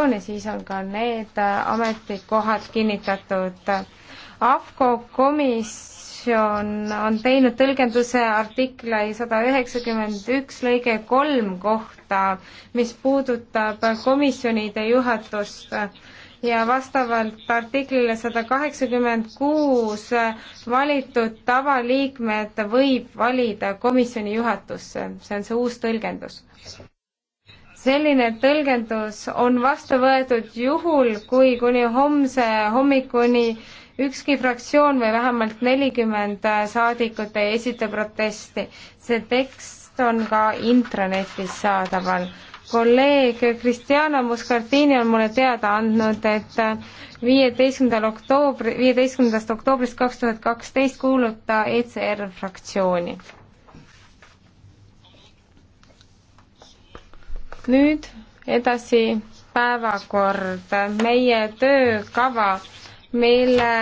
organisatsiooni, siis on ka need äh, ametikohad kinnitatud. AFCO komisjon on teinud tõlgenduse artikli sada üheksakümmend üks lõige kolm kohta, mis puudutab komisjonide juhatust ja vastavalt artiklile sada kaheksakümmend kuus valitud tavaliikmed võib valida komisjoni juhatusse, see on see uus tõlgendus selline tõlgendus on vastu võetud juhul, kui kuni homse hommikuni ükski fraktsioon või vähemalt nelikümmend saadikut ei esita protesti. see tekst on ka intranetis saadaval. kolleeg Cristiano Muscardini on mulle teada andnud, et viieteistkümnendal oktoobri, viieteistkümnendast oktoobrist kaks tuhat kaksteist kuulub ta ECR fraktsiooni nüüd edasi päevakord, meie töökava, mille